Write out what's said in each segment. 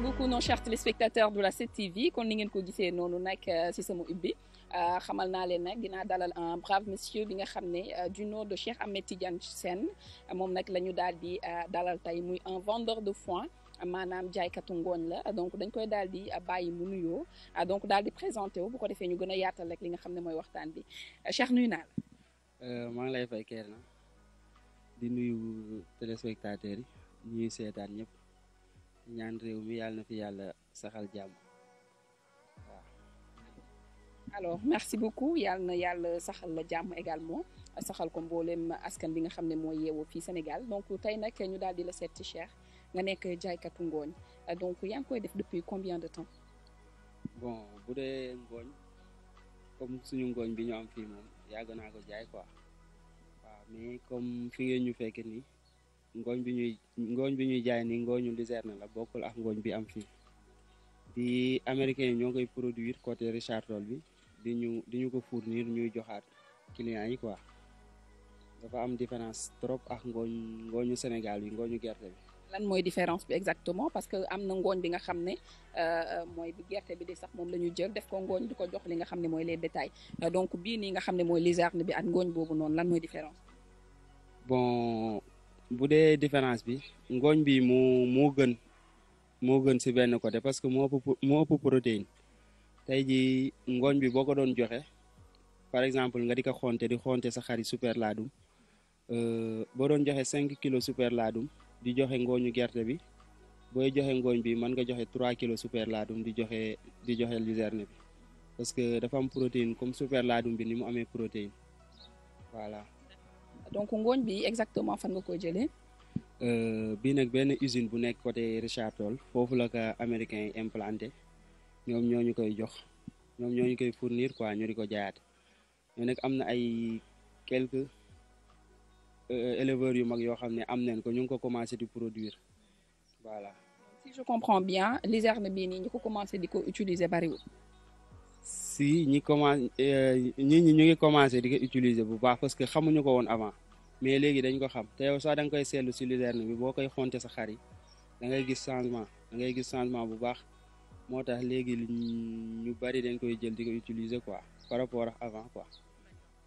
merci beaucoup non chers téléspectateurs de la 7TV kon ni ngeen ko gisee noonu nag euh, si sama ubbi euh, xamal naa leen nag dinaa dalal un brave monsieur bi nga xam ne euh, du nom de Cheikh Ahmed Tidiane seen moom nag la ñu daal di dalal tey muy un vendeur de foin maanaam jaaykatu ngooñ la donc dañ koy daal di bàyyi mu nuyoo donc daal di présenté wu bu ko defee ñu gën a yaatal rek li nga xam ne mooy waxtaan bi Cheikh nuyu naa la. maa ngi lay fay Kerna di nuyu téléspectateurs yi ñuy seetaan ñëpp. ñaan réew mi yàlla na fi yàlla saxal jàmm waaw. alors merci beaucoup yàlla na yàlla saxal la jàmm également saxal ko mboolem askan bi nga xam ne mooy yeewoo fii Sénégal donc tey nag ñu daal di la seet ci Cheikh nga nekk jaaykatu ngooñ donc yaa ngi koy def depuis combien de temps. bon bu dee ngooñ comme suñu ngooñ bi ñu am fii moom yàgg naa ko jaay quoi mais comme fi ngeen ñu fekk nii. ngooñ bi ñuy ngooñ bi ñuy jaay ni ngooñu na la bokkul ak ngooñ bi am fii bi américain yi ñoo koy produire côté Richard Toll bi di ñu di ñu ko fournir ñuy joxaat clients yi quoi dafa am différence trop ak ngooñ ngooñu Sénégal bi ngooñu gerte bi lan mooy différence bi exactement parce que am na ngooñ bi nga xam ne euh, mooy bi gerte bi di sax moom la ñu jël def ko di ko jox li nga xam ne mooy les bétails euh, donc bii nii nga ne mooy luzerne bi ak ngooñ boobu noonu lan mooy différence bon bu dee différence bi ngooñ bi moo moo gën moo gën si benn côté parce que moo ëpp moo ëpp protéine tey jii ngooñ bi boo ko doon joxe par exemple nga di ko xonte di xonte sa xari super laadum euh, boo doon joxe cinq kilos super laadum di joxe ngooñu gerte bi booy joxe ngooñ bi mën nga joxe trois kilos super laadum di joxe di joxe luzerne bi parce que dafa am protéine comme super laadum bi ni mu amee protéine voilà. donc ngooñ bi exactement fan nga koy jëlee. Euh, bii nag benn usine bu nekk côté Richard Toll foofu la ko américain implanté ñoom ñoo ñu koy jox ñoom ñoo ñu koy fournir quoi ñu di ko jaayaat mais nag am na ay quelques euh, éleveurs yu mag yoo xam ne am nañ ko ñu ngi ko commencé di produire voilà. si je comprends bien luzerne bii nii ñu ko commencé di ko utiliser bariwul. artistes yi ñi commencé euh, ñi ñi ñu ngi commencé di ko utiliser bu baax parce que xamuñu ko woon avant mais léegi dañ ko xam te yow sax da koy seetlu si luzerne bi boo koy xonte sa xar da ngay gis changement da ngay gis changement bu baax moo tax léegi ñu bari dañ koy jël di ko utiliser quoi par rapport ak avant quoi.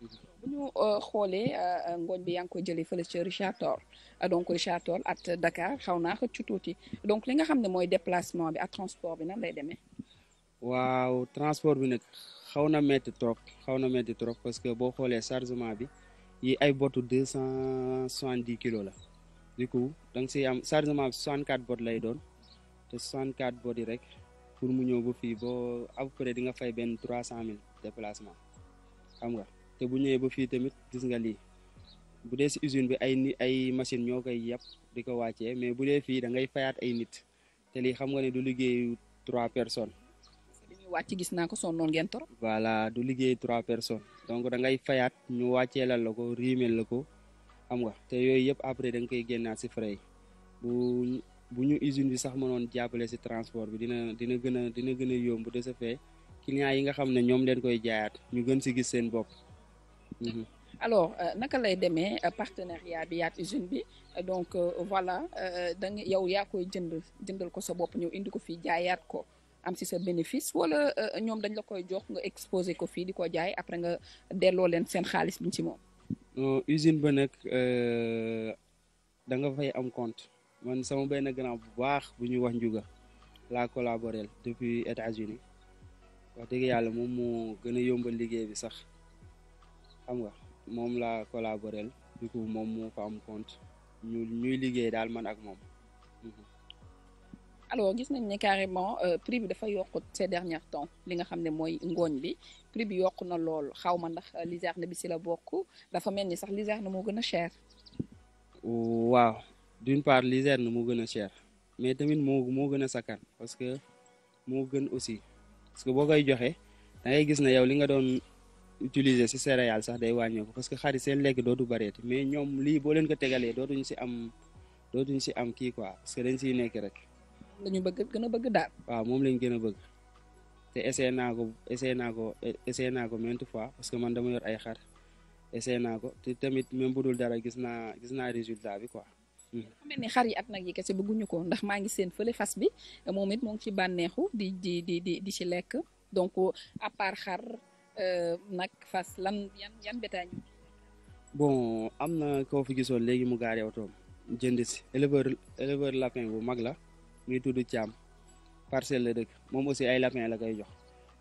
bu ñu euh, xoolee euh, ngooñ bi yaa ngi koy jëlee fële ci Richard Toll donc Richard at Dakar xaw naa xëcc tuuti donc li nga xam ne mooy déplacement bi ak transport bi nan lay demee. waaw transport bi nag xaw na metti trop xaw na metti trop parce que boo xoolee chargement bi yi ay botu deux cent soixante dix kilos la du coup da nga siy am chargement bi soixante quatre bot lay doon te soixante quatre bot yi rek pour mu ñëw ba fii boo à peu di nga fay benn trois cent mille déplacement xam nga te bu ñëwee ba fii tamit gis nga lii bu dee si usine bi ay ni ay machine ñoo koy yàpp di ko wàccee mais bu dee fii da ngay fayaat ay nit te lii xam nga ne du liggéeyu trois personnes wàcc gis naa ko sonnoon ngeen trop. voilà du liggéey trois personnes donc da ngay fayaat ñu wàcceelal la ko riimeel la ko xam nga te yooyu yëpp après da koy génnaat si frais bu ñu usine bi sax ma noon jàppale si transport bi dina dina gën a dina gën yomb de ce fait clients yi nga xam ne ñoom leen koy jaayaat ñu gën si gis seen bopp. Mhm. alors euh, naka lay demee euh, partenariat bi yaat usine bi donc euh, voilà da nga yow yaa koy jënd jëndal ko sa bopp ñëw indi ko fii jaayaat ko. am si sa bénéfice wala euh, ñoom dañ la koy jox nga exposé ko fii di ko jaay après nga delloo leen seen xaalis biñ ci moom. usine ba nag euh, danga nga fay am compte man sama benn grand bu baax bu ñuy wax njuga la collaboré depuis États-Unis wax dëgg yàlla moom moo gën a yombal liggéey bi sax xam nga moom la collaboré moom moo fa am compte ñu ñuy liggéey daal man ak moom. alors gis nañ ne carrément euh, prix bi dafa yokk ces derniers temps li nga xam ne mooy ngooñ bi prix bi yokk na lool xaw ma ndax ne bi si la bokk dafa mel ni sax luzerne moo gën a cher. waaw d'une part luzerne moo gën a cher mais tamit moo moo gën a sakkan parce que moo gën aussi parce que boo koy joxe da gis ne yow li nga doon utiliser si céréales sax day wàññeeku parce que xarit seen lekk dootu bareeti mais ñoom lii boo leen ko tegalee dootuñu si am dootuñu si am kii quoi parce que dañ siy nekk rek. la bëgg gën a bëgg daal. waaw moom lañ gën a bëgg te essayé naa ko essayé naa ko essayé naa ko maintes fois parce que man dama yor ay xar essayé naa ko te tamit même bu dul dara gis naa gis naa résultat bi quoi. Hmm. ni xar yi at nag yi kese bëgguñu ko ndax ngi seen fële fas bi moom it moo ngi ci di di di di di ci lekk donc à xar euh, nag fas lan yan yan bon am na koo fi gisoon léegi mu gaaree otoom jënd si éleveur éleveur lapin bu mag la. muy tudd Thiam parcelle la dëkk moom aussi ay lapin la koy jox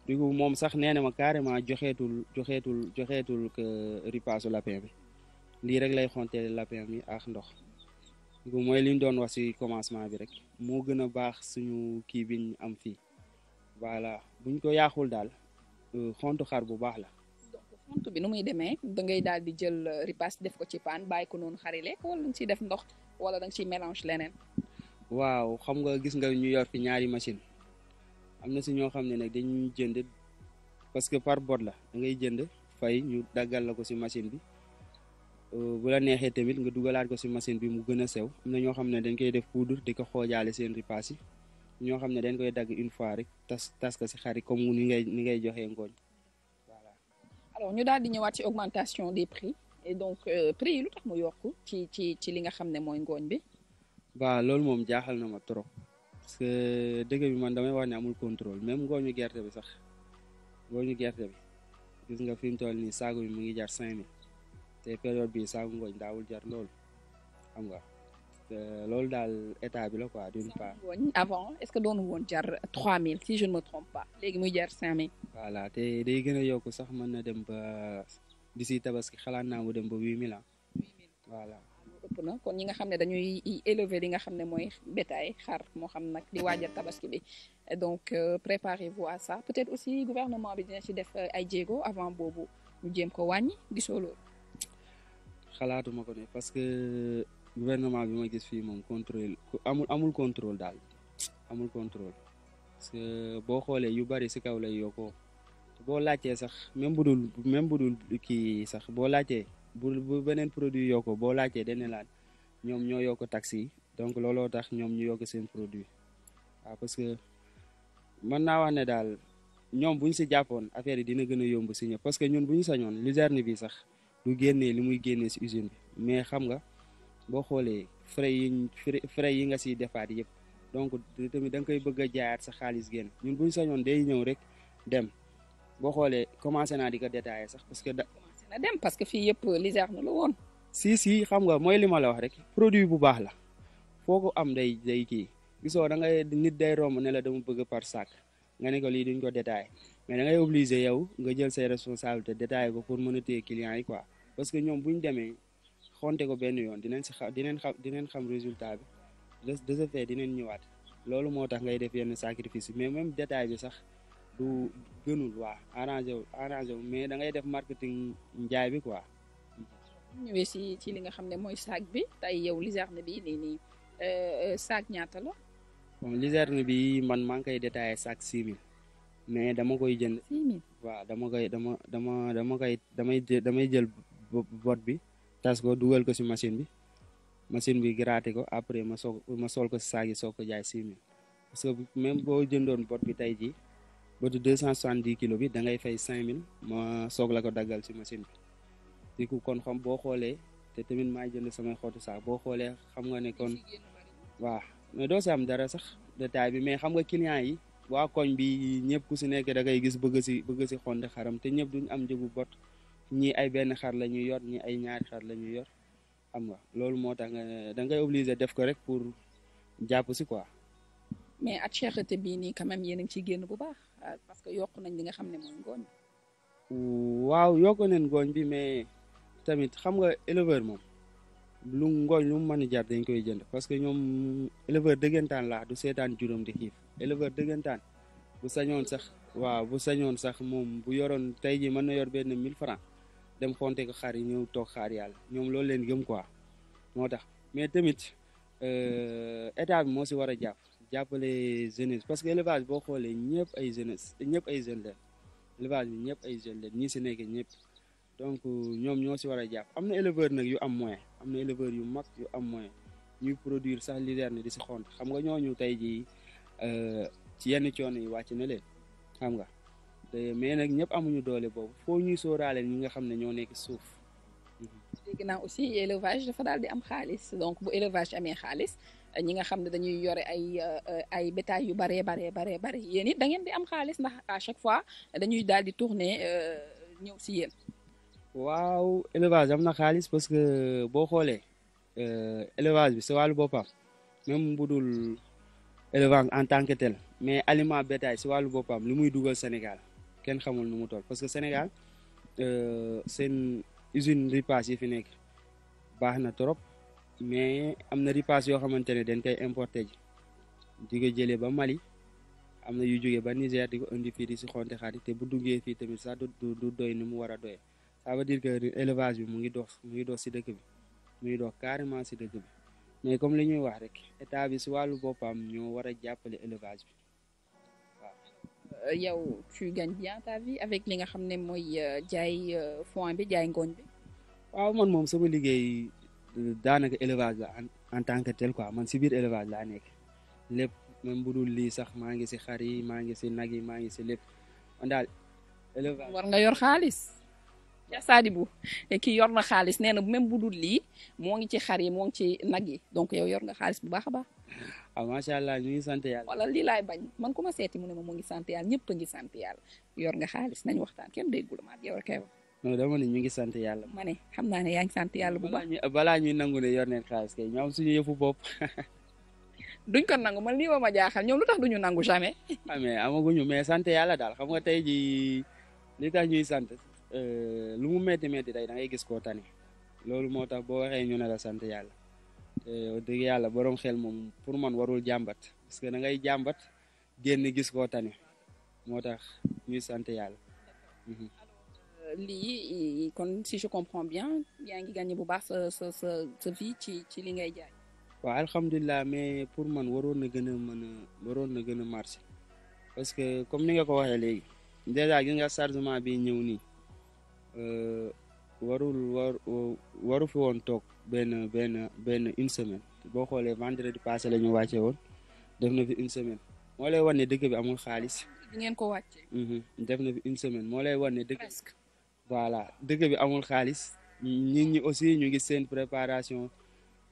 du moom sax nee na ma carrément joxeetul joxeetul joxeetul que ripaasu lapin bi lii rek lay xontee lapin bi ak ndox du mooy li doon wax ci commencement bi rek moo gën a baax suñu kii bi ñu am fii voilà buñ ko yaaxul daal euh, xontu xar bu baax la. xont bi nu muy demee da ngay daal di jël ripaas def ko ci paan bàyyi ko noonu xarile wala dañ ciy def ndox wala dañ ciy mélange leneen. waaw xam nga gis nga ñu yor fi ñaari machine am na si ñoo xam ne nag dañ jënd parce que par bot la da ngay jënd fay ñu daggal la ko si machine bi euh, bu la neexee tamit nga dugalaat ko si machine bi mu gën a sew am na ñoo xam ne dañ koy def poudre di ko xoojaale seen ripaas yi ñoo xam ne dañ koy dagg une fois rek tas tas ko si xari comme ni ngay ni ngay joxee ngooñ alors ñu daal di ñëwaat ci augmentation des prix et donc euh, prix lu tax mu yokk ci ci ci li nga xam ne mooy ngooñ bi. waaw loolu moom jaaxal na ma trop parce que dëgg bi man damay wax amul contrôle même ngooñu gerte bi sax ngooñu gerte bi gis nga fi mu toll nii saagu bi mu ngi jar cinq mille te période bi saagu ngooñ daawul jar lool xam nga loolu daal état bi la quoi d'une part. avant est-ce que doonu woon jar trois mille si je ne me trompe pas léegi muy jar cinq mille. voilà te day gën a yokk sax mën na dem ba d'ici tabaski xalaat naa mu dem ba huit mille ah. ëpp na kon yi nga xam ne dañuy élever li nga xam ne mooy bétail xar moo xam nag di waajal tabaski bi donc euh, préparez-vous à ça peut-être aussi gouvernement bi dina ci def euh, ay jéego avant boobu ñu jéem ko wàññi gisoo xalaatuma ko ne parce que gouvernement bi ma gis fii moom contrôle amul amul contrôle daal amul contrôle parce que boo xoolee yu bari si kaw lay yokkoo boo laajtee sax même bu dul bu dul kii sax boo laajtee. bu beneen produit yokku boo laajtee dañ laaj ñoom ñoo yokk taxes yi donc looloo tax ñoom ñu yokk seen produit waaw parce que mën naa wax ne daal ñoom bu ñu si jàppoon affaire yi dina gën a yomb si parce que ñun bu ñu sañoon luzerne bi sax du génnee li muy génnee si usine bi mais xam nga boo xoolee frais yi yi nga siy defaat yëpp donc tamit da nga koy bëgg a jaayaat sa xaalis génn ñun bu ñu sañoon day ñëw rek dem boo xoolee commencé naa di ko sax parce que da na dem parce que fii yëpp luzerne la woon. si si xam nga mooy li ma la wax rek produit bu baax la foo ko am day day kii gisoo da ngay nit day romb ne la dama bëgg par sac nga ne ko lii duñ ko détaillé mais na ngay obligé yow nga jël say responsabilité détaillé ko pour mën a téye clients yi quoi parce que ñoom bu ñu demee xonte ko benn yoon dinañ si xam dinañ xam dinañ xam résultat bi de de ce fait dinañ ñëwaat loolu moo tax ngay def yenn sacrifice mais moom détail bi sax. du gënul waa arrangé wu arrangé wu mais dangay ngay def marketing njaay bi quoi. ñëwee si ci li nga xam ne mooy saag bi tey yow luzerne bi nii nii euh, saag ñaata la. bon luzerne bi man maa ngi koy détaillé saag 6000 mais dama koy jënd. 6000 waaw dama koy dama dama dama koy damay damay jël boot bi tas ko dugal ko si machine bi machine bi graté ko après ma soog ma sol ko si saag soog ko jaay 6000 parce que même boo jëndoon bot bi tey ji bëtu deux cent soixante dix kilos bi da ngay fay cinq mille ma soog la ko daggal ci machine bi di du kon xom boo xoolee te tamit maay jënd samay xootu saak boo xoolee xam nga ne kon waaw mais doo si am dara sax détail bi mais xam nga client yi waa koñ bi ñëpp ku si nekk da ngay gis bëgg si bëgg si xonde xaram te ñëpp duñ am njëgu bot ñi ay benn xar la ñuy yor ñii ay ñaari xar lañuy yor xam nga loolu moo tax nga da ngay obligé def ko rek pour jàpp si quoi. mais at a ngi génn bu baax. Euh, parce que yokk nañ li nga xam ne mooy ngooñ waaw yokk nañ ngooñ bi mais tamit xam nga éleveur moom lu ngooñ lu mu mën a jar dañ koy jënd parce que ñoom éleveur dëggantaan laa du seetaan juróom di xiif éleveur dëggantaan bu sañoon sax waaw bu sañoon sax moom bu yoroon tey ji mën na yor benn mille franc dem xonte ko xaar yi ñëw toog xaar yàlla ñoom loolu leen gëm quoi moo tax mais tamit euh, état moo si war a jàpp jàppale jeunesse parce que élevage boo xoolee ñëpp ay jeunesse ñëpp ay jeunes leen élevage bi ñëpp ay jeunes leen ñi si nekk ñëpp donc ñoom ñoo si war a jàpp am na éleveur nag yu am moyen am na éleveur yu mag yu am moyen ñuy produire sax liderne di si xont xam nga ñooñu tey jii euh, ci yenn coono yi wàcc na leen xam nga mais nag ñëpp amuñu doole boobu foo ñuy sóoraale ñi nga xam ne ñoo nekk suuf. dégg naa aussi élevage dafa daal di am xaalis donc bu élevage amee xaalis. ñi nga xam ne dañuy yore ay euh, ay bétail yu baree baree baree bare yéen it da ngeen di am xaalis ndax à chaque fois dañuy daal di tourner euh, ñëw si yéen. waaw élevage am na xaalis parce que boo xoolee euh, élevage bi si wàllu boppam même bu dul élevage en tant que tel mais aliment bétail si wàllu boppam lu muy dugal Sénégal kenn xamul nu mu toll parce que Sénégal seen usine ripaas fi nekk baax na trop. mais am na ripaas yoo xamante ne dañ koy importé ji di ko jëlee ba Mali am na yu jógee ba Niger di indi fii di si xonte xaati te bu duggee fii tamit sax du doy nu mu war a doyee ça veut dire que élevage bi mu ngi dox mu ngi si dëkk bi mu ngi dox carrément si dëkk bi mais comme li ñuy wax rek état bi si wàllu boppam ñoo war a jàppale élevage bi waaw. yow tu bi bien ta avec li nga xam ne mooy euh, jaay euh, foin bi jaay ngooñ bi. waaw man moom sama liggéey. daanaka élevage la en tant que tel quoi man si biir élevage laa nekk lépp même bu lii sax maa ngi si xar yi maa ngi si nag yi maa ngi si lépp war nga yor xaalis ca Sadibou eh, kii yor na xaalis nee na même bu lii moo ngi ci xar yi moo ngi ci nag yi donc yow yor nga xaalis bu baax a baax waaw ah, macha allah ñu ngi sant wala lii laay bañ man ku ma seeti mu ne ma ngi sant yàlla ñëpp ngi sant yàlla yor nga xaalis nañ waxtaan kenn déggul ma ak yow wax moo dama ne ñu ngi sant yàlla. ma ne xam naa ne yaa sant yàlla bu baax. balaa ñuy nangu ne yor neen xaalis kay ñu am suñu yëfu bopp. duñ ko nangu man lii woo ma jaaxal ñoom lu tax duñu nangu jamais. ah mais amaguñu mais sant yàlla daal xam nga tey jii li tax ñuy sant euh, lu mu métti métti tey da ngay gis koo tane loolu moo tax boo waxee ñu ne la sant yàlla dëgg yàlla borom xel moom pour man warul jàmbat parce que da ngay jàmbat génn gis koo tane moo tax ñuy sant yàlla. Mhm. lii kon si je comprends bien yaa ngi gagné bu baax sa sa sa sa vie ci ci ngay jaay. waa alhamdulilah mais pour man waroon na gën a mën a waroon na gën a marché parce que comme ni nga ko waxee léegi déjà gis nga chargement bi ñëw nii euh, warul war waru fi woon toog benn benn benn une semaine boo xoolee vendredi passé la ñu wàcce woon def na fi une semaine moo lay wan ne dëkk bi amul xaalis. di ngeen ko wàccee. Mhm, def na fi une semaine moo lay wan ne dëkk. voilà dëkk bi amul xaalis nit ñi aussi ñu ngi seen préparation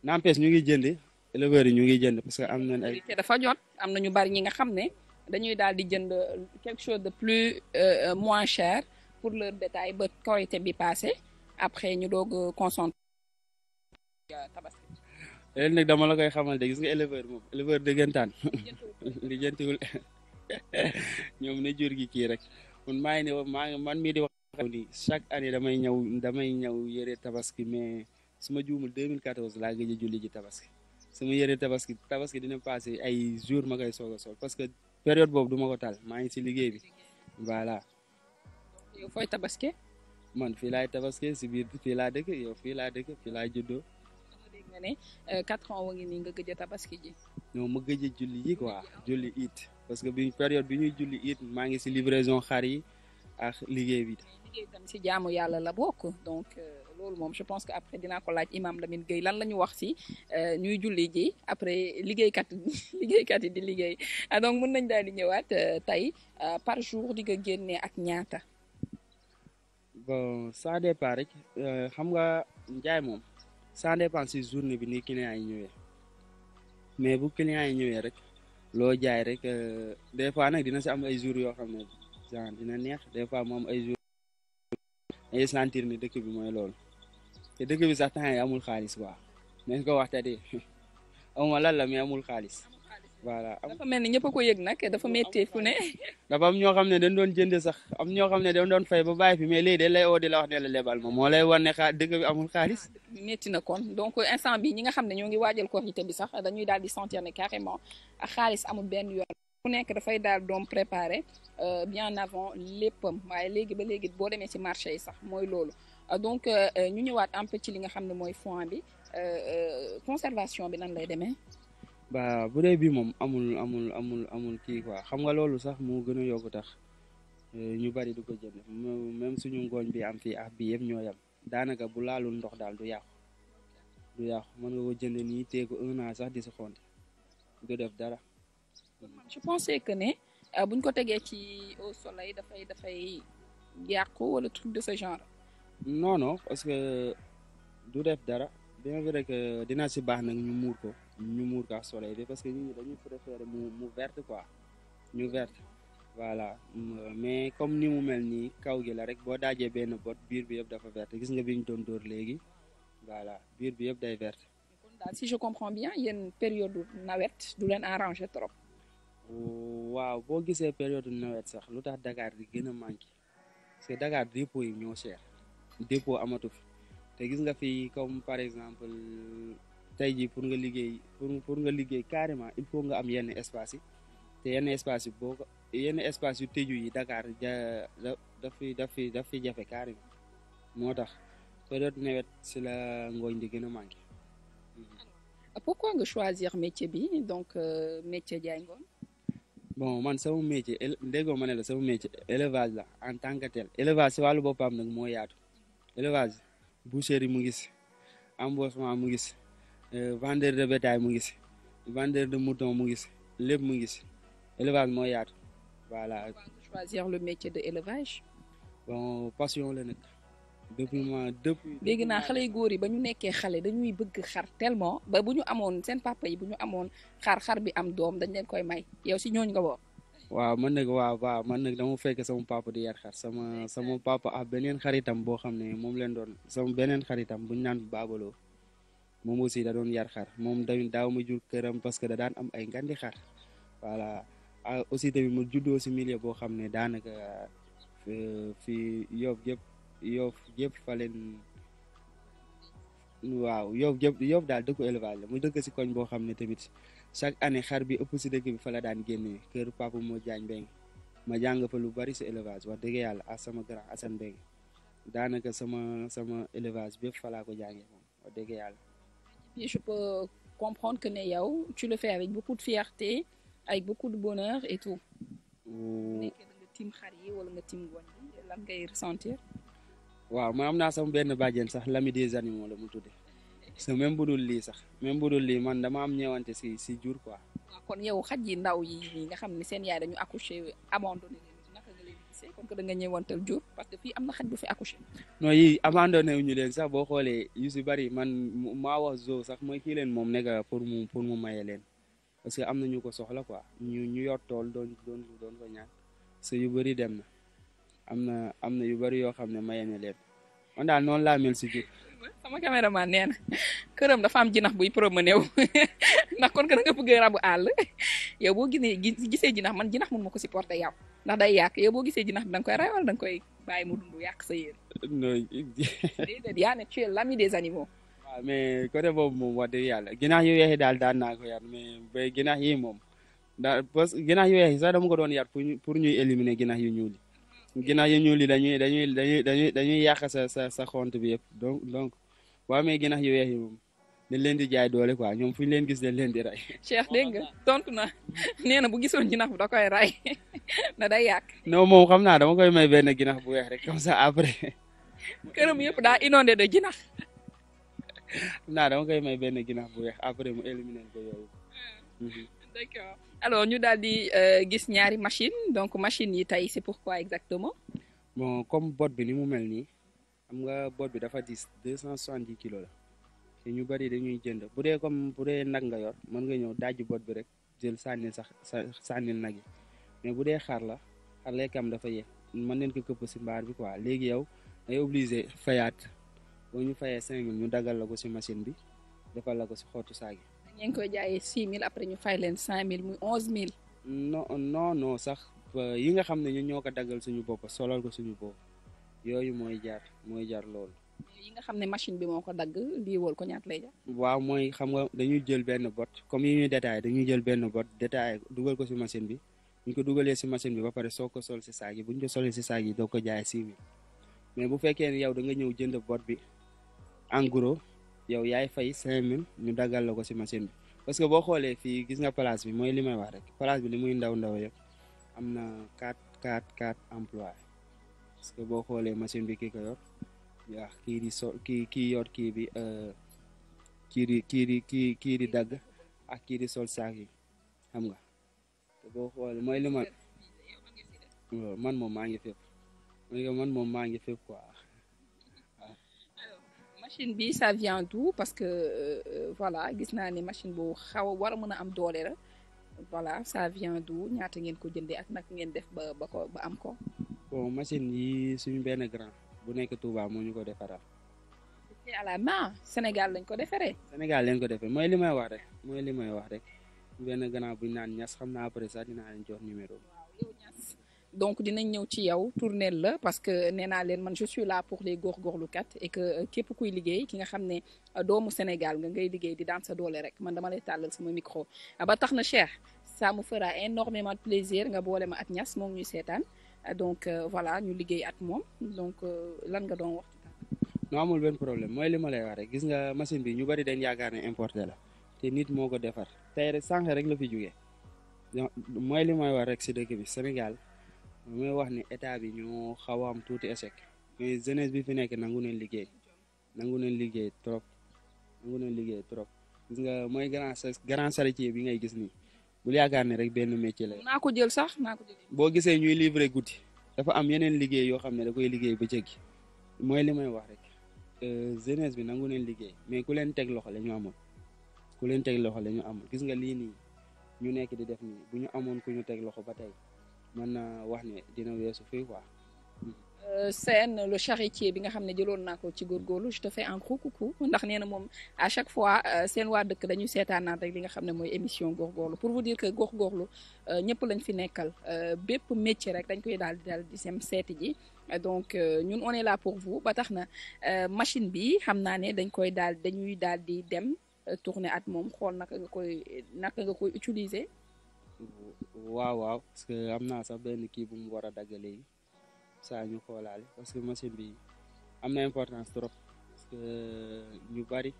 n'empêche ñu ngi jënd éleveurs yi ñu ngi jënd parce que am nañ dafa jot am na ñu bari ñi nga xam ne dañuy daal di jënd quelque chose de plus euh, euh, moins cher pour leur bétail ba Korité bi passé après ñu doog concentré tabaski. léegi nag dama la koy xamal de éleveur moom éleveur dëggantaan li jur gi kii rek man maa ngi ne maa man mii di ni chaque année damay ñëw damay ñëw yëre tabaski mais su ma juumul 2014 laa gëj a julli ji tabaski sama yëre tabaski tabaski dina passé ay jour ma koy soog parce que période boobu du ma ko tal maa ngi si liggéey bi voilà. yow fooy tabaski. man fii laay tabaski si biir fii laa dëkk yow fii laa dëkk laa juddoo. dégg nga ne euh, wa ngi nii nga tabaski ji. non ma gëj a julli yi it parce que bi période bi ñuy julli it maa ngi si livraison xar yi ak liggéey bi. liggéey tam si jaamu yàlla la bokk donc euh, loolu moom je pense que après dina ko laaj imam Lamine Gueye lan la ñu wax si euh, ñuy julli ji après liggéeykat liggéeykat yi di liggéey ah, donc mën nañ daal di ñëwaat euh, tey par jour di nga génne ak ñaata. bon ça dépend rek xam nga njaay moom ça dépend si journée bi ni client yi ñëwee mais bu client yi ñëwee rek loo jaay rek des fois nag dina si am ay jours yoo xam ne genre dina neex des fois moom ay jours dañuy sentir ni dëkk bi mooy loolu te dëkk bi sax temps yi amul xaalis waaw nañ ko wax tey amuma lan la mais amul xaalis voilà. dafa mel ni ñëpp ko yëg nag dafa méttee fu ne. dafa am ñoo xam ne dañ doon jënd sax am ñoo xam ne dañ doon fay ba bàyyi fi mais léegi dañ lay la wax ne la lebal ma ne xaa dëkk amul xaalis. métti na kon donc instant bi ñi nga xam ne ñoo ngi waajal korité bi sax dañuy daal di sentir ne carrément xaalis amul benn yoon. ku nekk dafay daal doom préparé euh, bien avant léppam waaye léegi ba léegi boo demee ci marché yi sax mooy loolu euh, donc euh, ñu ñëwaat un peu ci li nga xam ne mooy foin bi conservation bi nan lay demee. ba bu dee bii moom amul amul amul amul kii quoi xam nga loolu sax mu gën a yokk tax ñu bari du ko jënd même suñu ngooñ bi am fii ak bi yëpp ñoo yem daanaka bu laalul ndox daal du yàqu du yàqu mën nga ko jënd nii téye ko un an sax di si du def dara. je pensais que ne euh, buñ ko tegee ci au soleil dafay dafay yàqu wala truc de ce genre. non non parce que du def dara bien vrai que dina si baax nag ñu muur ko ñu muur ko ak soleil bi parce que ñun dañuy préférer mu mu verte quoi ñu vert voilà mais comme ni mu mel nii kaw gi la rek boo daajee benn bot biir bi yëpp dafa verte gis nga bi ñu doon dóor léegi voilà biir bi yëpp day vert si je comprends bien yéen période nawet du leen arranger trop. waaw boo gisee période nawet sax lu tax Dakar di gën a manqué parce que Dakar dépôt yi ñoo cher dépôt amatu fi te gis nga fi comme par exemple tey jii pour nga liggéey pour pour nga liggéey carrément il faut nga am yenn espace yi te yenn espace yi boo yenn espace yu tëju yi Dakar ja daf fi daf fi daf fi jafe carrément moo tax période nawet si la ngooñ di gën a manqué. pourquoi nga choisir métier bi donc euh, métier jaay ngooñ. bon man sama métier déggoo ma ne la sama élevage la en tant que tel élevage si wàllu boppam nag moo yaatu élevage boucherie mu ngi si embauchement mu ngi si euh, de bétail mu ngi si vendeur de mouton mu ngi si lépp mu ngi si élevage moo yaatu voilà. choisir le métier de élevage. bon passion la nag. développement depuis. léegi naa xale yu góor yi ba ñu nekkee xale dañuy bëgg xar tellement ba bu ñu amoon seen papa yi bu ñu amoon xar xar bi am doom dañ leen koy may yow si ñooñ nga bokk. waaw man nag waaw waaw man nag dama fekk sama papa di yar xar sama sama papa ah xaritam boo xam ne moom leen doon sama beneen xaritam bu ñu naan baabaloo moom aussi da doon yar xar moom tamit daaw ma jur këram parce que da daan am ay ngandi xar voilà aussi tamit mu juddoo si milieu boo xam ne daanaka euh, fi Yoff yëpp. yoof yëpp fa leen waaw yoof yëpp yoof daal dëkku élevage la mu dëkk si koñ boo xam ne tamit chaque année xar bi ëpp si dëkk bi fa daan génnee kër Papa moo jaañ Mbeng ma jàng fa lu bari su élevage wax dëgg yàlla ak sama grand Assane daanaka sama sama élevage bépp fa laa ko jàngee moom wax dëgg yàlla. je comprendre que ne yow tu le fais avec beaucoup de fierté avec beaucoup de bonheur et tout. nga tiim xar yi wala nga tiim ngoon yi lan ngay ressentir. waaw ma am naa sama benn bàjjen sax l'ami des animaux la mu tudde sa même bu dul lii sax même bu dul lii man dama am ñeewante si si jur quoi. kon yow xaj yi ndaw yi ñi nga xam ni seen yaay dañu accouché abandonné leen naka da nga ñeewantal jur parce que fii am na xaj bu fi accouché. non yii abandonné wu ñu leen sax boo xoolee yu si bëri man maa wax zoo sax mooy kii leen moom nekk pour mu pour mu maye leen parce que am na ñu ko soxla quoi ñu ñu yor tool doon doon doon ko ñaan sa yu bëri dem na. am na na yu bari yoo xam ne maye na leen man daal noonu laa mel si jur. sama caméraman nee na këram dafa am jinax buy promené wu ndax kon que da nga bëgg rabu àll yow boo gisee gisee jinax man jinax mun ma ko supporter yow ndax day yàq yow boo gisee jinax bi da nga koy rey wala da nga koy bàyyi mu dund yàq sa yéen. non. déedéet yaa ne tu es l'ami des animaux. waaw mais côté boobu moom wax dëgg yàlla jinax daal daan naa ko yar mais ba yi moom daal parce que jinax yu weex yi sax dama ko doon yar pour pour ñuy éliminer jinax yu ñuul ginnaaw yu ñuul yi dañuy dañuy dañuy dañuy dañuy yàq sa sa sa xont bi yëpp donc donc waaw mais ginnaaw yi moom dañ leen di jaay doole quoi ñoom fu ñu leen gis dañ leen di rey. Cheikh dégg nga tontu na nee na bu gisoon jinax bu da ray rey day yàq. non moom xam naa dama koy may benn jinax bu weex rek comme sa après. këram yëpp daa inondé de jinax. naa dama koy may benn jinax bu weex après mu éliminer ko yooyu. Mhm. alors ñu daal di euh, gis ñaari machine donc machine yi tey c'est pourquoi exactement. bon comme boot bi ni mu mel nii xam nga boot bi dafa diis deux cent soixante dix kilos la te ñu bëri dañuy jënd bu dee comme bu dee nag nga yor mën nga ñëw daaj boot bi rek jël sànni sax sànni nag yi mais bu dee xaar la xar lay kam dafa yéeg mën neen ko këpp si mbaar bi quoi léegi yow day obligé fayaat boo ñu fayee cinq mille ñu daggal la ko si machine bi defal la ko si xottu saagi ñu ngi koy jaayee six mille après ñu fay leen cinq mille muy onze mille. non non no sax euh, yi nga xam ne ñun ñoo ko daggal suñu bopp solal ko suñu bopp yooyu mooy jaar mooy jaar loolu. yi nga xam ne machine bi moo ko dagg lii wol ko ñaat lay jar. waaw mooy xam nga dañuy jël benn bot comme yi ñuy détaillé dañuy jël benn bot détaillé dugal ko si machine bi buñ ko dugalee si machine bi ba pare soo ko sol si saag bu buñ ko solee si saag yi doo ko jaay six mille mais bu fekkee ne yow danga ñëw jënd bot bi en yow yaay fay cinq mille ñu daggal la ko si machine bi parce que boo xoolee fii gis nga place bi mooy li may wax rek place bi li muy ndaw ndaw yëpp am na quatre quatre quatre emploi parce que boo xoolee machine bi kii ko yor waaw kii di sol kii kii yor kii bi euh, kii di kii di kii kii di dagg ak kii di sol saak yi xam nga boo xoolee mooy li ma man moom maa ngi fépp man moom maa ngi fépp quoi machine bi sa vient d'où parce que euh, euh, voilà gis naa ne machine bu xaw a war mën a am doole la voilà ça vient d'où ñaata ngeen ko jëndee ak naka ngeen def ba ba ko ba am ko. bon machine yi suñu benn grand bu nekk Touba moo ñu ko defaral. c'est à la main Sénégal lañ ko defaree. Sénégal lañ ko defee mooy li may wax rek mooy li may wax rek benn grand bu ñu naan ñas xam naa après sax dinaa leen jox numéro donc dinañ ñëw ci yow tourner la parce que nee naa leen man je suis là pour les góorgóorlukat et que euh, képp kuy liggéey ki nga xam ne euh, doomu Sénégal nga ngay liggéey di daan sa doole rek man dama lay tàllal sama micro ah, ba tax na Cheikh ça me fera énormément de plaisir nga boole ma ak ñas moom ñuy seetaan ah, donc euh, voilà ñu liggéey at moom donc lan nga doon wax. noo amul benn problème mooy li ma lay wax rek gis nga machine bi ñu bari dañ yaakaar ne importé la te nit moo ko defar rek sànq rek la fi jógee mooy li may wax rek si dëkk bi Sénégal. bu wax ni état bi ñu xaw a am tuuti échec mais jeunesse bi fi nekk nangu neen liggéey nangu neen liggéey trop nangu neen liggéey trop gis nga mooy grand grand charretier bi ngay gis nii bul yaakaar ne rek benn métier la. naa ko jël sax naa boo gisee ñuy livrer guddi dafa am yeneen liggéey yoo xam ne da koy liggéey bëccëg gi mooy li may wax rek euh, jeunesse bi nangu neen liggéey mais ku leen teg loxo la ñu ku leen teg loxo la ñu gis nga lii nii ñu nekk di def nii bu ñu amoon ku ñu teg loxo ba tey. mën na wax ne dina weesu fii quoi. Euh, seen le charretier bi nga xam ne jëloon naa ko ci góorgóorlu je te fais un coucou ndax nee na moom à chaque fois euh, seen waa dëkk dañuy seetaanaat rek li nga xam ne mooy émission góorgóorlu pour vous dire que góorgóorlu euh, ñëpp lañ fi nekkal bépp métier rek dañ koy daal di daal di sem seeti ji donc ñun on est pour vous ba tax na machine bi xam naa ne dañ koy daal dañuy daal di dem tourner at moom xool naka nga koy naka nga koy utiliser. waaw waaw parce que am naa sax benn kii bu mu war a dagg léegi saa ñu xoolaale parce que machine bi am na importance trop parce que euh, ñu bari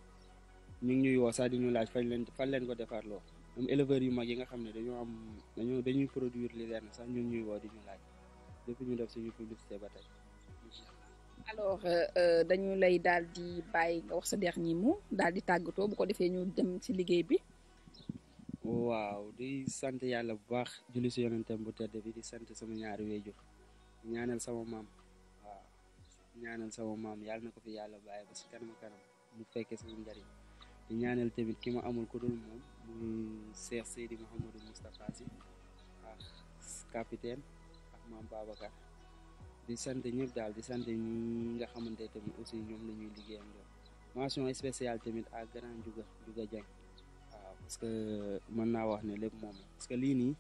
ñu ngi ñuy woo sax di ñu laaj fañ leen fan leen ko defar loo am éleveurs yu yi nga xam ne dañoo am dañoo dañuy produire li leen sax ñu ñuy woo di ñu laaj depuis ñu def suñu publicité ba tey. alors euh, euh, dañu lay daal di bàyyi nga wax sa dernier mot daal di tàggatoo bu ko defee ñu dem ci liggéey bi. waaw di sant yàlla bu baax julli si yonentam bu tedd di sant sama ñaari waajur ñaanal sama maam waaw ñaanal sama maam yàlla na ko fi yàlla bàyyi ba si kanam kanam mu fekkee sama njariñ di ñaanal tamit ki ma amul ko dul moom muy Cheikh Seydi Mouhamadou Moustapha Sy ak capitaine ak maam Babacar di sant ñëpp daal di sant ñi nga xamante tamit aussi ñoom la ñuy liggéeyam lool mention spéciale tamit à grand Juga Juga Dieng parce que mën naa wax ne lépp moom parce que lii nii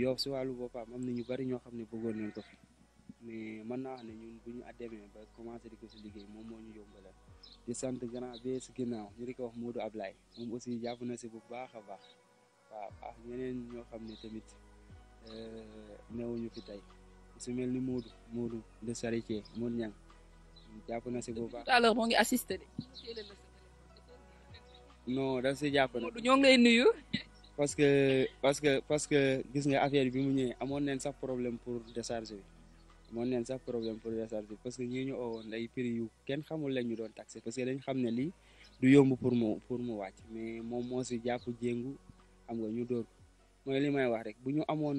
Yoff si wàllu boppam am na ñu bari ñoo xam ne bëggoon nañ ko fi mais mën naa wax ne ñun bu ñu demee ba commencé di ko si liggéey moom moo ñu yombalal di sant grand bi si ginnaaw ñu di ko wax Modou Ablaye moom aussi jàpp na si bu baax a baax waaw ah ñoo xam ne tamit euh, newuñu fi tey mel ni Modou Modou de Charité Modou na si bu baax. non da si jàpp nag ñoo ngi lay nuyu. parce que parce que parce que gis nga affaire bi mu ñëwee amoon neen sax problème pour décharge bi amoon neen sax problème pour décharge bi parce que ñii ñu woon ay prix yu kenn xamul lañ ñu doon taxé parce que dañ xam ne lii du yomb pour mu pour mu wàcc mais moom moo si jàpp jéngu xam nga ñu dóor mooy li may wax rek bu ñu amoon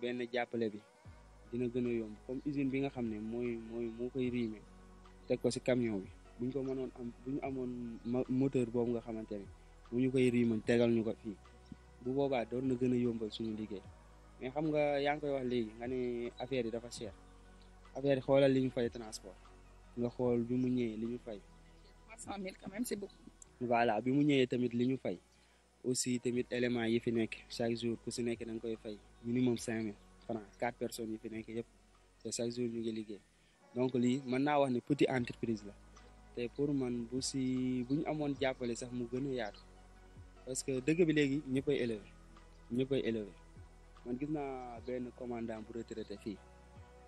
benn jàppale bi dina gën a yomb comme usine bi nga xam ne mooy mooy moo koy riime teg ko si camion bi. buñ ko mënoon am bu ñu amoon moteur boobu nga xamante ni bu ñu koy riimal tegal ñu ko fii bu boobaa doon na gën a yombal suñu liggéey mais xam nga yaa ngi koy wax lii nga ne affaire yi dafa cher affaire yi xoolal li ñu fay transport nga xool bi mu ñëwee li ñu fay. 300000 quand même c'est beaucoup. voilà bi mu ñëwee tamit li ñu fay aussi tamit éléments yi fi nekk chaque jour ku si nekk da nga koy fay minimum 5000 francs quatre personnes yi fi nekk yëpp te chaque jour ñu ngi liggéey donc lii mën naa wax ne petite entreprise la. te pour man bu si bu ñu amoon jàppale sax mu gën a yaatu parce que dëgg bi léegi ñëppay élevé ñëppay élevé man gis naa benn commandant bu retraité fii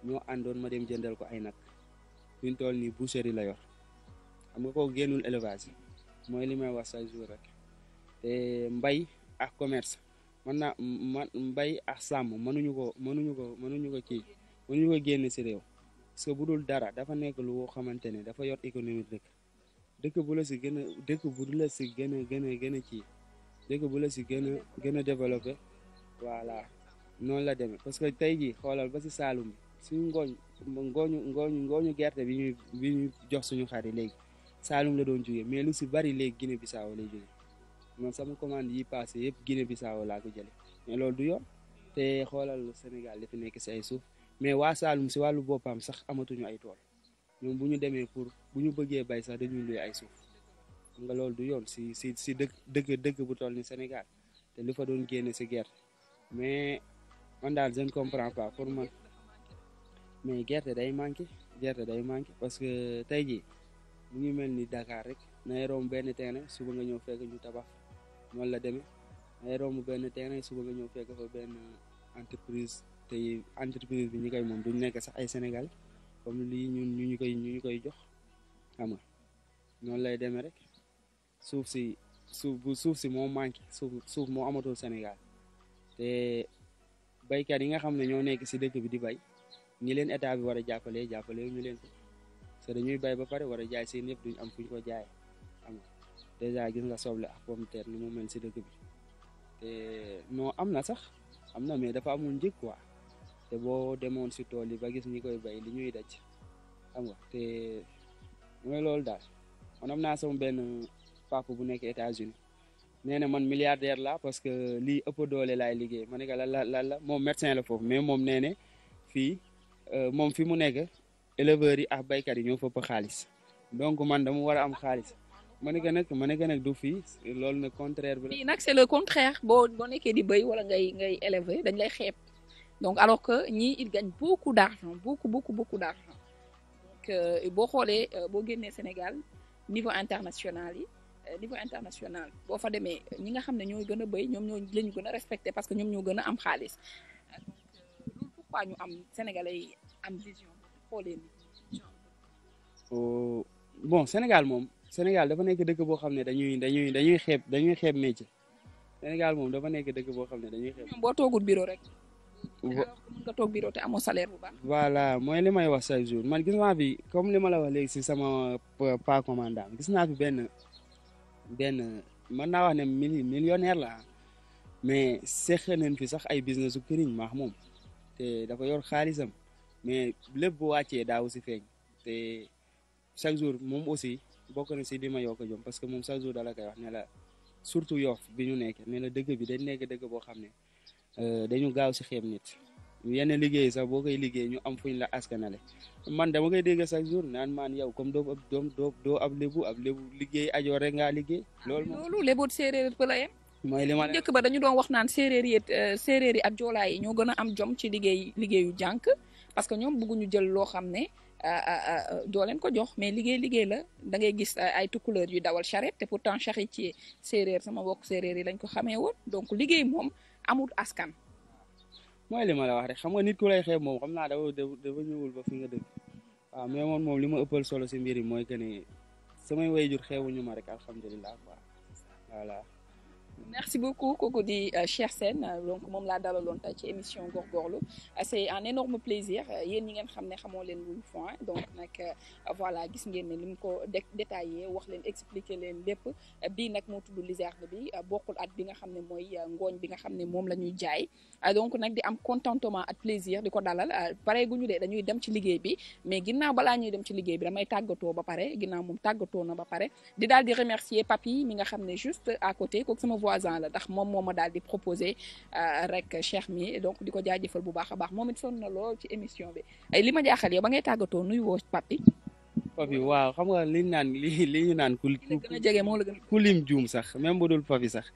ñoo àndoon ma dem jëndal ko ay nag fi ñu toll nii boucherie la yor xam nga koo génnul élevage mooy li may wax chaque jour rek te mbay ak commerce man naa man mbay ak sàmm mënuñu ko mënuñu ko mënuñu ko kii mënuñu ko génn si réew parce que bu dul dara dafa nekk lu xamante ne dafa yor économie dëkk dëkk bu la si gën a dëkk bu la si gën gën gën a ci dëkk bu la si gën a gën a développé voilà noonu la demee parce que tey jii xoolal ba si Saalum suñu ngooñ ngooñu ngooñu ngooñu gerte bi ñuy bi jox suñu xar yi léegi Saalum la doon jógee mais lu si bari léegi Guinée Bissau lay jógee man sama commande yi passé yëpp Guinée Bissau laa ko jëlee mais loolu du yoon te xoolal Sénégal li fi nekk si suuf. mais waa Saalum si wàllu boppam sax amatuñu ay tool ñoom bu ñu demee pour bu ñu bëggee bay sax dañuy luy ay suuf nga loolu du yoon si si si dëkk dëkk dëkk bu toll ni Sénégal te li fa doon génne si gerte mais man daal je ne comprends pour man mais gerte day manqué gerte day manqué parce que tey jii mu ngi mel ni Dakar rek nay romb benn terrain suba nga ñëw fekk ñu tabax noonu la demee nay romb benn terrain suba nga ñëw fekk fa benn entreprise te entreprise bi ñi koy moom ñu nekk sax ay Sénégal comme lii ñun ñu ñu koy ñu ñu koy jox xam nga noonu lay demee rek suuf si suuf bu suuf si moo manqué suuf suuf moo amatul Sénégal te baykat yi nga xam ne ñoo nekk si dëkk bi di bay ñi leen état bi war a jàppalee jàppalee ñu leen ko te dañuy bay ba pare war a jaay seen yëpp duñ am fuñ ko jaay xam nga dèjà gis nga soble ak pomme terre ni mu mel si dëkk bi te non am na sax am na mais dafa amul njëg quoi. te boo demoon si tool yi ba gis ñi koy bay li ñuy daj xam nga te mooy loolu daal man am naa sama benn papa bu nekkee États-Unis nee na man milliardaire la parce que lii ëpp doole laay liggéey ma ne ko la la la moom médecin la foofu mais moom nee ne fii euh, moom fi mu nekk éleveurs yi ak baykat yi ñoo fa xaalis donc man dama war a am xaalis ma ne ko nag ma ne ko nag du fii loolu nag contraire bi la. fii nag c'est le contraire boo boo nekkee di béy wala ngay ngay dañ lay donc alors que ñii ils gagnent beaucoup d'argent beaucoup beaucoup beaucoup d'argent donc euh, boo xoolee euh, boo génnee Sénégal niveau international yi euh, niveau international boo fa demee ñi nga xam ne ñooy gën a béy ñoom ñoo lañu gën a respecté parce que ñoom ñoo gën a am xaalis loolu pourquoi ñu am sénégalais yi am vision xoolee bon Sénégal moom Sénégal dafa nekk dëkk boo xam ne dañuy dañuy dañuy xeeb dañuy xeeb métier Sénégal moom dafa nekk dëkk boo xam ne dañuy xeeb. boo toogul bureau rek. nga toog bureau te voilà mooy li may wax chaque jour man gis naa fi comme li ma la wax léegi si sama euh, pas commandant gis naa fi benn benn mën naa wax ne mili millionnaire la mais seq nañ fi sax ay business su këriñ maax moom te dafa yor xaalisam mais lépp boo wàccee daaw si feeñ te chaque jour moom aussi bokk na si li ma yokk a jom parce que moom chaque jour dala koy wax ne la surtout Yoff bi ñu nekk ne la dëgg bi dañ nekk dëgg boo xam ne. Euh, dañu gaaw si xeeb nit yenn liggéey sax boo koy liggéey ñu am fuñ la le man dama koy dégg chaque jour naan maan yow comme doo ab doom doo doo ab lébu liggéey ajoor rek ngaa liggéey. loolu moom loolu léboot séeréer fa la yem. mooy li ma njëkk ba dañu doon wax naan séeréer yi euh, séeréer yi ak joolaa yi ñoo gën a am jom ci liggéey liggéeyu jànk parce que ñoom bëgguñu jël loo xam ne. Euh, doo leen ko jox mais liggéey liggéey la da ngay gis ay tukkuleur yu dawal charrette te pourtant charretier séeréer sama mbokk séeréer yi lañ ko xamee woon donc liggéey amut askan. mooy li ma la wax rek xam nga nit ku lay xeeb moom xam naa dafa dafa ñëwul ba fi nga dëgg waaw mais moom moom li ma ëppal solo si mbir mooy que ni samay wayjur ñu ma rek alhamdulilah quoi voilà. merci beaucoup kooku di euh, Cheikh Sène euh, donc moom laa dalaloon tey ci émission góorgóorlu euh, c'est un énorme plaisir yéen ñi ngeen xam ne xamoo leen Louis Fon donc nag voilà gis ngeen ne li mu ko détaillé wax leen expliqué leen lépp bii nag moo tudd luzerne bi bokkul at bi nga xam ne mooy ngooñ bi nga xam ne moom la ñuy jaay donc nag di am contentement ak plaisir di ko dalal pare gu ñu dee dañuy dem ci liggéey bi mais ginnaaw balaa ñuy dem ci liggéey bi damay tàggatoo ba pare ginnaaw moom na ba pare di daal di remercier nga xam ne juste à côté kooku sama présent la ndax moom moo ma daal di proposé a euh, Cheikh mi donc di ko jaajëfal bu baax a baax moom it sonn na lool ci émission bi ay li jaaxal yow ba ngay tàggatoo nuyu woo papi papi waaw xam nga liñ naan li li ñu naan ku ku lim juum sax même bu dul papi sax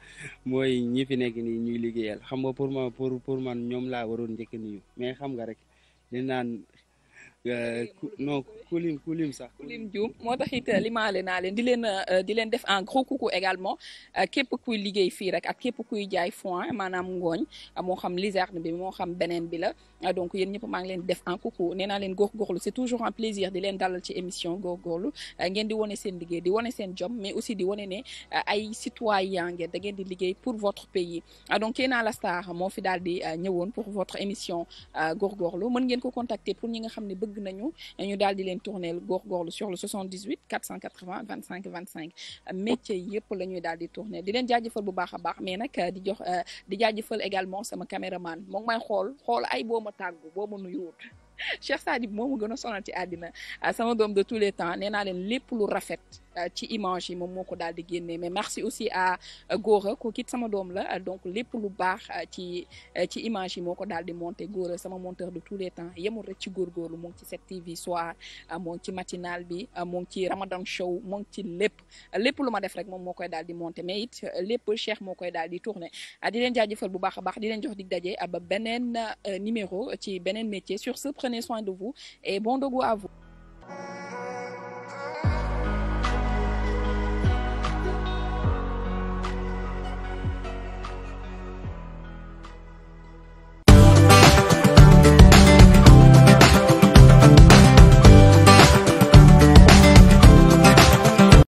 mooy ñi fi nekk nii ñuy liggéeyal xam nga pour ma pour pour man ñoom laa waroon njëkk nuyu mais xam nga rek li naan Euh, non kulim kulim sax kulim Dioum moo tax it euh, limaale naa leen di leen euh, di leen def en gros coucou également képp kuy liggéey fii rek ak képp kuy jaay foin maanaam ngooñ moo xam luzerne bi moo xam beneen bi la Ah, donc yéen ñëpp maa ngi leen di def en coucou nee naa leen góorgóorlu c'est toujours un plaisir di leen dalal ci émission góorgóorlu ah, ngeen di wone seen liggéey di wone seen jom mais aussi di wone ne ah, ay citoyen ngeen da di liggéey pour votre pays donc Keena la star moo fi daal di ñëwoon pour votre émission góorgóorlu mën ngeen ko contacter pour ñi nga xam ne bëgg nañu ñu daal di leen tourner góorgóorlu sur le 78 480 25 25 métier yëpp la ñuy daal di tourner di leen jaajëfal bu baax a baax mais nag di di jaajëfal également sama caméraman moo ngi may xool xool ay ma tàggu boo ma nuyuwut Cheikh Sadib moo ma gën a sonal ci àddina ah, sama doom de tous les temps nee naa leen lépp lu rafet Euh, ci image yi moom moo ko daal di génnee mais merci aussi à euh, Gora ko kit sama doom la donc lépp lu baax euh, ci ci image yi moo ko daal di monté Gora sama monteur de tous les temps yemul rek ci góorgóorlu mu ngi ci 7TV soir mu ngi ci matinal bi mu ngi ci Ramadan show mu ngi ci lépp lépp lu ma def rek moom moo koy daal di monté mais it lépp Cheikh moo koy daal di tourné di leen jaajëfal bu baax a baax di leen jox dig daje ba beneen numéro ci beneen métier sur ce de vous et bon dogu à